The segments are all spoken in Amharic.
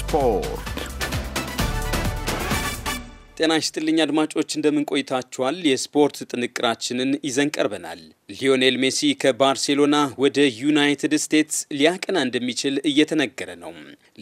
ስፖርት። ጤና ይስጥልኝ አድማጮች፣ እንደምን ቆይታችኋል? የስፖርት ጥንቅራችንን ይዘን ቀርበናል። ሊዮኔል ሜሲ ከባርሴሎና ወደ ዩናይትድ ስቴትስ ሊያቀና እንደሚችል እየተነገረ ነው።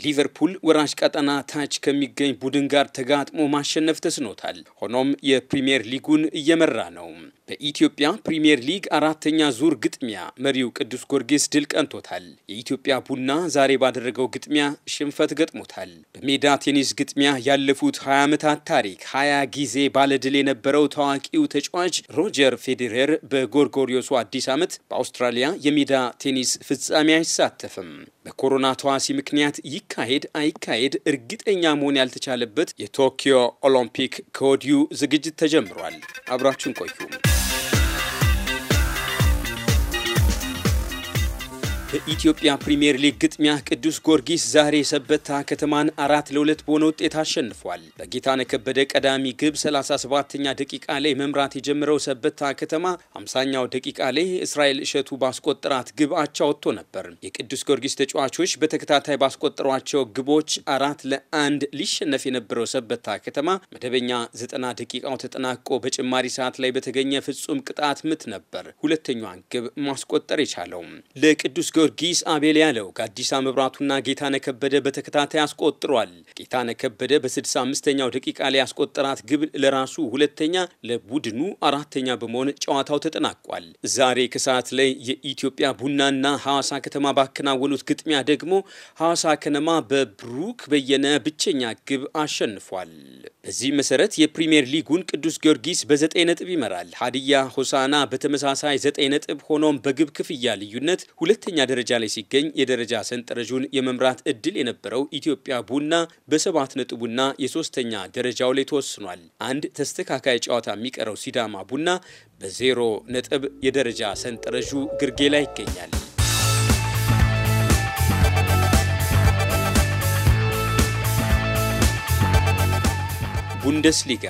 ሊቨርፑል ወራሽ ቀጠና ታች ከሚገኝ ቡድን ጋር ተጋጥሞ ማሸነፍ ተስኖታል። ሆኖም የፕሪምየር ሊጉን እየመራ ነው። በኢትዮጵያ ፕሪምየር ሊግ አራተኛ ዙር ግጥሚያ መሪው ቅዱስ ጊዮርጊስ ድል ቀንቶታል። የኢትዮጵያ ቡና ዛሬ ባደረገው ግጥሚያ ሽንፈት ገጥሞታል። በሜዳ ቴኒስ ግጥሚያ ያለፉት 20 ዓመታት ታሪክ 20 ጊዜ ባለድል የነበረው ታዋቂው ተጫዋች ሮጀር ፌዴሬር በጎርጎሪ በጎርጎሪዮሱ አዲስ ዓመት በአውስትራሊያ የሜዳ ቴኒስ ፍጻሜ አይሳተፍም። በኮሮና ተዋሲ ምክንያት ይካሄድ አይካሄድ እርግጠኛ መሆን ያልተቻለበት የቶኪዮ ኦሎምፒክ ከወዲሁ ዝግጅት ተጀምሯል። አብራችን ቆዩ። በኢትዮጵያ ፕሪምየር ሊግ ግጥሚያ ቅዱስ ጊዮርጊስ ዛሬ ሰበታ ከተማን አራት ለሁለት በሆነ ውጤት አሸንፏል። በጌታ ከበደ ቀዳሚ ግብ 37ኛ ደቂቃ ላይ መምራት የጀመረው ሰበታ ከተማ 50ኛው ደቂቃ ላይ እስራኤል እሸቱ ባስቆጠራት ግብ አቻ ወጥቶ ነበር። የቅዱስ ጊዮርጊስ ተጫዋቾች በተከታታይ ባስቆጠሯቸው ግቦች አራት ለአንድ ሊሸነፍ የነበረው ሰበታ ከተማ መደበኛ 90 ደቂቃው ተጠናቆ በጭማሪ ሰዓት ላይ በተገኘ ፍጹም ቅጣት ምት ነበር ሁለተኛዋን ግብ ማስቆጠር የቻለው ለቅዱስ ጊዮርጊስ አቤል ያለው ከአዲስ መብራቱና ጌታነህ ከበደ በተከታታይ አስቆጥሯል። ጌታነህ ከበደ በ65ኛው ደቂቃ ላይ ያስቆጠራት ግብ ለራሱ ሁለተኛ፣ ለቡድኑ አራተኛ በመሆን ጨዋታው ተጠናቋል። ዛሬ ከሰዓት ላይ የኢትዮጵያ ቡናና ሐዋሳ ከተማ ባከናወኑት ግጥሚያ ደግሞ ሐዋሳ ከነማ በብሩክ በየነ ብቸኛ ግብ አሸንፏል። በዚህ መሰረት የፕሪምየር ሊጉን ቅዱስ ጊዮርጊስ በ9 ነጥብ ይመራል። ሀዲያ ሆሳና በተመሳሳይ 9 ነጥብ ሆኖም በግብ ክፍያ ልዩነት ሁለተኛ ደረጃ ላይ ሲገኝ የደረጃ ሰንጠረዡን የመምራት እድል የነበረው ኢትዮጵያ ቡና በሰባት ነጥቡና የሶስተኛ ደረጃው ላይ ተወስኗል። አንድ ተስተካካይ ጨዋታ የሚቀረው ሲዳማ ቡና በዜሮ ነጥብ የደረጃ ሰንጠረዡ ግርጌ ላይ ይገኛል። ቡንደስሊጋ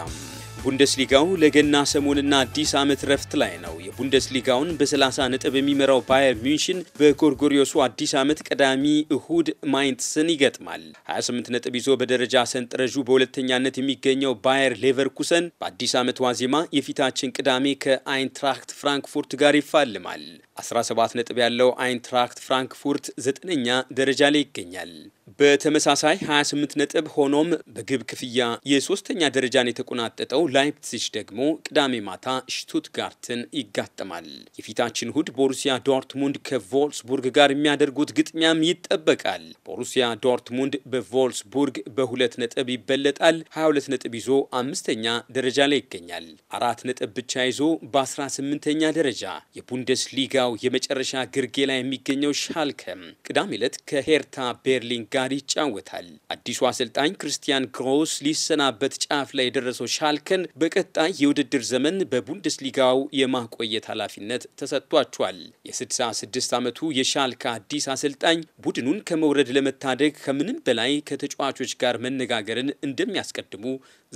ቡንደስሊጋው ለገና ሰሞንና አዲስ ዓመት ረፍት ላይ ነው። የቡንደስሊጋውን በ30 ነጥብ የሚመራው ባየር ሚንሽን በጎርጎሪዮሱ አዲስ ዓመት ቀዳሚ እሁድ ማይንትስን ይገጥማል። 28 ነጥብ ይዞ በደረጃ ሰንጠረዡ በሁለተኛነት የሚገኘው ባየር ሌቨርኩሰን በአዲስ ዓመት ዋዜማ የፊታችን ቅዳሜ ከአይንትራክት ፍራንክፉርት ጋር ይፋልማል። 17 ነጥብ ያለው አይንትራክት ፍራንክፉርት ዘጠነኛ ደረጃ ላይ ይገኛል። በተመሳሳይ 28 ነጥብ ሆኖም በግብ ክፍያ የሶስተኛ ደረጃን የተቆናጠጠው ላይፕሲሽ ደግሞ ቅዳሜ ማታ ሽቱትጋርትን ይጋጠማል። የፊታችን እሁድ ቦሩሲያ ዶርትሙንድ ከቮልስቡርግ ጋር የሚያደርጉት ግጥሚያም ይጠበቃል። ቦሩሲያ ዶርትሙንድ በቮልስቡርግ በሁለት ነጥብ ይበለጣል። 22 ነጥብ ይዞ አምስተኛ ደረጃ ላይ ይገኛል። አራት ነጥብ ብቻ ይዞ በ18ኛ ደረጃ የቡንደስሊጋው የመጨረሻ ግርጌ ላይ የሚገኘው ሻልከም ቅዳሜ ዕለት ከሄርታ ቤርሊን ጋር ጋር ይጫወታል። አዲሱ አሰልጣኝ ክርስቲያን ክሮስ ሊሰናበት ጫፍ ላይ የደረሰው ሻልከን በቀጣይ የውድድር ዘመን በቡንደስሊጋው የማቆየት ኃላፊነት ተሰጥቷቸዋል። የ66 ዓመቱ የሻልከ አዲስ አሰልጣኝ ቡድኑን ከመውረድ ለመታደግ ከምንም በላይ ከተጫዋቾች ጋር መነጋገርን እንደሚያስቀድሙ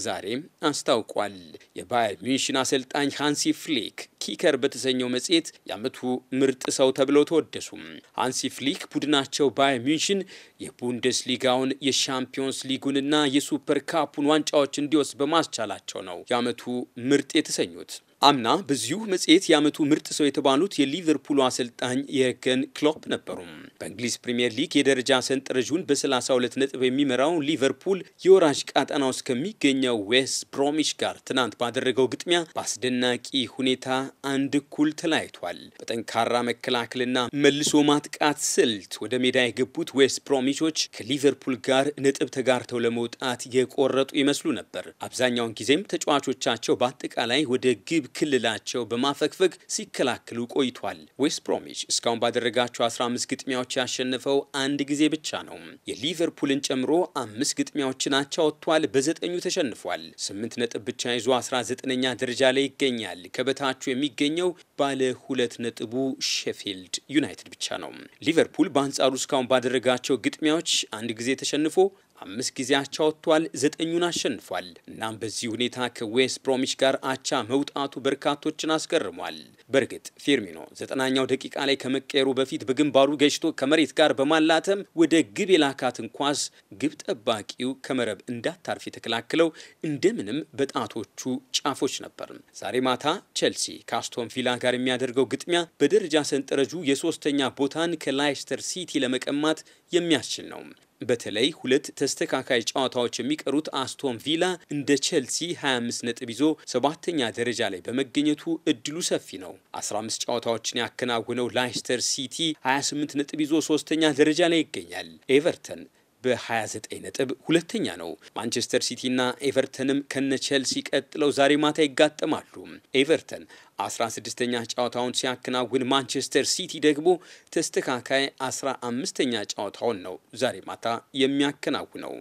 ዛሬ አስታውቋል። የባየር ሚንሽን አሰልጣኝ ሃንሲ ፍሊክ ኪከር በተሰኘው መጽሔት የዓመቱ ምርጥ ሰው ተብለው ተወደሱም። ሃንሲ ፍሊክ ቡድናቸው ባየር ሚንሽን የቡንደስሊጋውን የሻምፒዮንስ ሊጉንና የሱፐር ካፑን ዋንጫዎች እንዲወስድ በማስቻላቸው ነው የዓመቱ ምርጥ የተሰኙት። አምና በዚሁ መጽሔት የዓመቱ ምርጥ ሰው የተባሉት የሊቨርፑሉ አሰልጣኝ የርገን ክሎፕ ነበሩ። በእንግሊዝ ፕሪምየር ሊግ የደረጃ ሰንጠረዡን በ32 ነጥብ የሚመራው ሊቨርፑል የወራጅ ቃጠና ውስጥ ከሚገኘው ዌስት ብሮሚሽ ጋር ትናንት ባደረገው ግጥሚያ በአስደናቂ ሁኔታ አንድ እኩል ተለያይቷል። በጠንካራ መከላከልና መልሶ ማጥቃት ስልት ወደ ሜዳ የገቡት ዌስት ብሮሚቾች ከሊቨርፑል ጋር ነጥብ ተጋርተው ለመውጣት የቆረጡ ይመስሉ ነበር። አብዛኛውን ጊዜም ተጫዋቾቻቸው በአጠቃላይ ወደ ግብ ክልላቸው በማፈግፈግ ሲከላከሉ ቆይቷል። ዌስት ብሮሚች እስካሁን ባደረጋቸው 15 ግጥሚያዎች ያሸነፈው አንድ ጊዜ ብቻ ነው። የሊቨርፑልን ጨምሮ አምስት ግጥሚያዎችን አቻ ወጥቷል፣ በዘጠኙ ተሸንፏል። ስምንት ነጥብ ብቻ ይዞ 19ኛ ደረጃ ላይ ይገኛል። ከበታቹ የሚገኘው ባለ ሁለት ነጥቡ ሼፊልድ ዩናይትድ ብቻ ነው። ሊቨርፑል በአንጻሩ እስካሁን ባደረጋቸው ግጥሚያዎች አንድ ጊዜ ተሸንፎ አምስት ጊዜ አቻ ወጥቷል፣ ዘጠኙን አሸንፏል። እናም በዚህ ሁኔታ ከዌስት ብሮሚች ጋር አቻ መውጣቱ በርካቶችን አስገርሟል። በእርግጥ ፊርሚኖ ዘጠናኛው ደቂቃ ላይ ከመቀየሩ በፊት በግንባሩ ገጭቶ ከመሬት ጋር በማላተም ወደ ግብ የላካትን ኳስ ግብ ጠባቂው ከመረብ እንዳታርፍ የተከላክለው እንደምንም በጣቶቹ ጫፎች ነበር። ዛሬ ማታ ቼልሲ ከአስቶን ቪላ ጋር የሚያደርገው ግጥሚያ በደረጃ ሰንጠረጁ የሶስተኛ ቦታን ከላይስተር ሲቲ ለመቀማት የሚያስችል ነው። በተለይ ሁለት ተስተካካይ ጨዋታዎች የሚቀሩት አስቶን ቪላ እንደ ቼልሲ 25 ነጥብ ይዞ ሰባተኛ ደረጃ ላይ በመገኘቱ እድሉ ሰፊ ነው። 15 ጨዋታዎችን ያከናውነው ላይስተር ሲቲ 28 ነጥብ ይዞ ሶስተኛ ደረጃ ላይ ይገኛል። ኤቨርተን በ29 ነጥብ ሁለተኛ ነው። ማንቸስተር ሲቲና ኤቨርተንም ከነ ቼልሲ ቀጥለው ዛሬ ማታ ይጋጠማሉ። ኤቨርተን 16ኛ ጨዋታውን ሲያከናውን ማንቸስተር ሲቲ ደግሞ ተስተካካይ 15ኛ ጨዋታውን ነው ዛሬ ማታ የሚያከናውነው።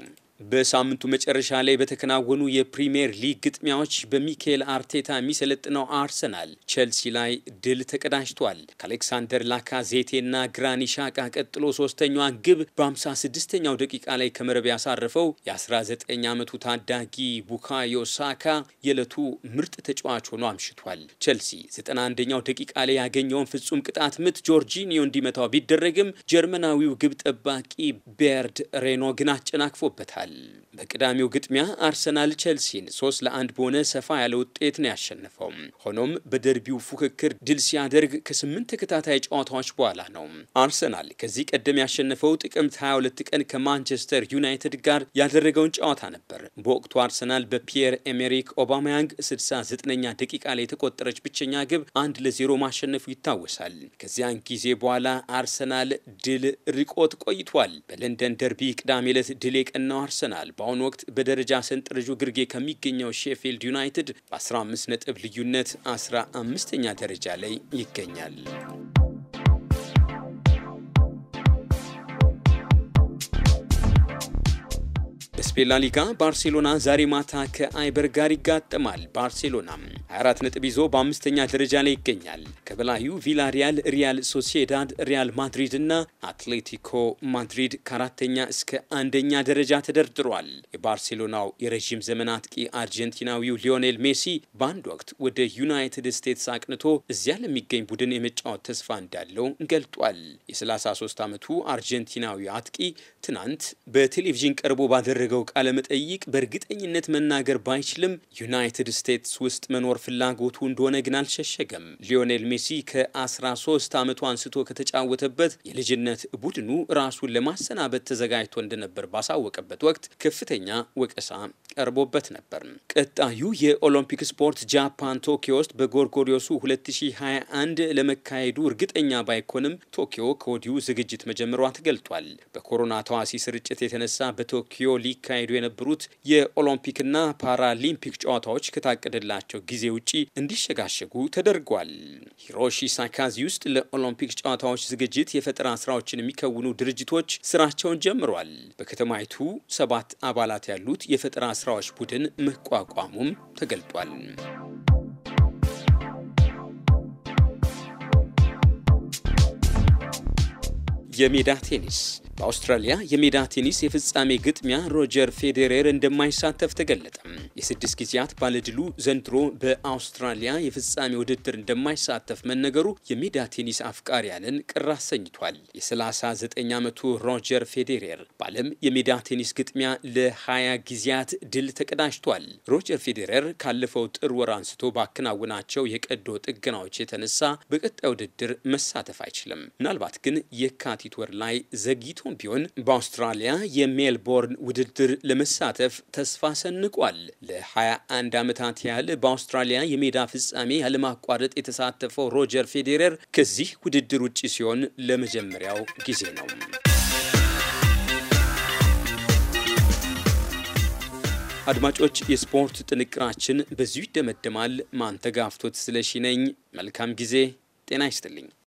በሳምንቱ መጨረሻ ላይ በተከናወኑ የፕሪምየር ሊግ ግጥሚያዎች በሚካኤል አርቴታ የሚሰለጥነው አርሰናል ቼልሲ ላይ ድል ተቀዳጅቷል። ከአሌክሳንደር ላካዜቴና ግራኒ ሻቃ ቀጥሎ ሶስተኛዋን ግብ በ56ኛው ደቂቃ ላይ ከመረብ ያሳረፈው የ19 ዓመቱ ታዳጊ ቡካዮ ሳካ የዕለቱ ምርጥ ተጫዋች ሆኖ አምሽቷል። ቼልሲ 91ኛው ደቂቃ ላይ ያገኘውን ፍጹም ቅጣት ምት ጆርጂኒዮ እንዲመታው ቢደረግም ጀርመናዊው ግብ ጠባቂ ቤርድ ሬኖ ግን አጨናቅፎበታል። ይገኛል። በቅዳሜው ግጥሚያ አርሰናል ቼልሲን ሶስት ለአንድ በሆነ ሰፋ ያለ ውጤት ነው ያሸነፈው። ሆኖም በደርቢው ፉክክር ድል ሲያደርግ ከስምንት ተከታታይ ጨዋታዎች በኋላ ነው። አርሰናል ከዚህ ቀደም ያሸነፈው ጥቅምት 22 ቀን ከማንቸስተር ዩናይትድ ጋር ያደረገውን ጨዋታ ነበር። በወቅቱ አርሰናል በፒየር ኤሜሪክ ኦባማያንግ 69ኛ ደቂቃ ላይ የተቆጠረች ብቸኛ ግብ አንድ ለዜሮ ማሸነፉ ይታወሳል። ከዚያን ጊዜ በኋላ አርሰናል ድል ርቆት ቆይቷል። በለንደን ደርቢ ቅዳሜ ዕለት ድል የቀናው አርሰናል ይወሰናል። በአሁኑ ወቅት በደረጃ ሰንጠረዡ ግርጌ ከሚገኘው ሼፊልድ ዩናይትድ በ15 ነጥብ ልዩነት 15ኛ ደረጃ ላይ ይገኛል። በስፔላ ሊጋ ባርሴሎና ዛሬ ማታ ከአይበር ጋር ይጋጥማል። ባርሴሎና 24 ነጥብ ይዞ በአምስተኛ ደረጃ ላይ ይገኛል። ከበላዩ ቪላሪያል፣ ሪያል ሶሲዳድ፣ ሪያል ማድሪድ እና አትሌቲኮ ማድሪድ ከአራተኛ እስከ አንደኛ ደረጃ ተደርድሯል። የባርሴሎናው የረዥም ዘመን አጥቂ አርጀንቲናዊው ሊዮኔል ሜሲ በአንድ ወቅት ወደ ዩናይትድ ስቴትስ አቅንቶ እዚያ ለሚገኝ ቡድን የመጫወት ተስፋ እንዳለው ገልጧል። የ33 ዓመቱ አርጀንቲናዊ አጥቂ ትናንት በቴሌቪዥን ቀርቦ ባደረገ ቃለ ቃለመጠይቅ በእርግጠኝነት መናገር ባይችልም ዩናይትድ ስቴትስ ውስጥ መኖር ፍላጎቱ እንደሆነ ግን አልሸሸገም። ሊዮኔል ሜሲ ከ13 ዓመቱ አንስቶ ከተጫወተበት የልጅነት ቡድኑ ራሱን ለማሰናበት ተዘጋጅቶ እንደነበር ባሳወቀበት ወቅት ከፍተኛ ወቀሳ ቀርቦበት ነበር። ቀጣዩ የኦሎምፒክ ስፖርት ጃፓን ቶኪዮ ውስጥ በጎርጎሪዮሱ 2021 ለመካሄዱ እርግጠኛ ባይኮንም ቶኪዮ ከወዲሁ ዝግጅት መጀመሯ ተገልጧል። በኮሮና ተዋሲ ስርጭት የተነሳ በቶኪዮ ሊግ ሲካሄዱ የነበሩት የኦሎምፒክና ፓራሊምፒክ ጨዋታዎች ከታቀደላቸው ጊዜ ውጪ እንዲሸጋሸጉ ተደርጓል። ሂሮሺ ሳካዚ ውስጥ ለኦሎምፒክ ጨዋታዎች ዝግጅት የፈጠራ ስራዎችን የሚከውኑ ድርጅቶች ስራቸውን ጀምሯል። በከተማይቱ ሰባት አባላት ያሉት የፈጠራ ስራዎች ቡድን መቋቋሙም ተገልጧል። የሜዳ ቴኒስ በአውስትራሊያ የሜዳ ቴኒስ የፍጻሜ ግጥሚያ ሮጀር ፌዴሬር እንደማይሳተፍ ተገለጠ። የስድስት ጊዜያት ባለድሉ ዘንድሮ በአውስትራሊያ የፍጻሜ ውድድር እንደማይሳተፍ መነገሩ የሜዳ ቴኒስ አፍቃሪያንን ቅር አሰኝቷል። የ39 ዓመቱ ሮጀር ፌዴሬር በዓለም የሜዳ ቴኒስ ግጥሚያ ለ20 ጊዜያት ድል ተቀዳጅቷል። ሮጀር ፌዴሬር ካለፈው ጥር ወር አንስቶ ባከናወናቸው የቀዶ ጥገናዎች የተነሳ በቀጣይ ውድድር መሳተፍ አይችልም። ምናልባት ግን የካቲ የካቲት ወር ላይ ዘግይቶም ቢሆን በአውስትራሊያ የሜልቦርን ውድድር ለመሳተፍ ተስፋ ሰንቋል። ለ21 ዓመታት ያህል በአውስትራሊያ የሜዳ ፍጻሜ ያለማቋረጥ የተሳተፈው ሮጀር ፌዴረር ከዚህ ውድድር ውጭ ሲሆን ለመጀመሪያው ጊዜ ነው። አድማጮች፣ የስፖርት ጥንቅራችን በዚሁ ይደመደማል። ማንተጋፍቶት ስለሺ ነኝ። መልካም ጊዜ። ጤና ይስጥልኝ።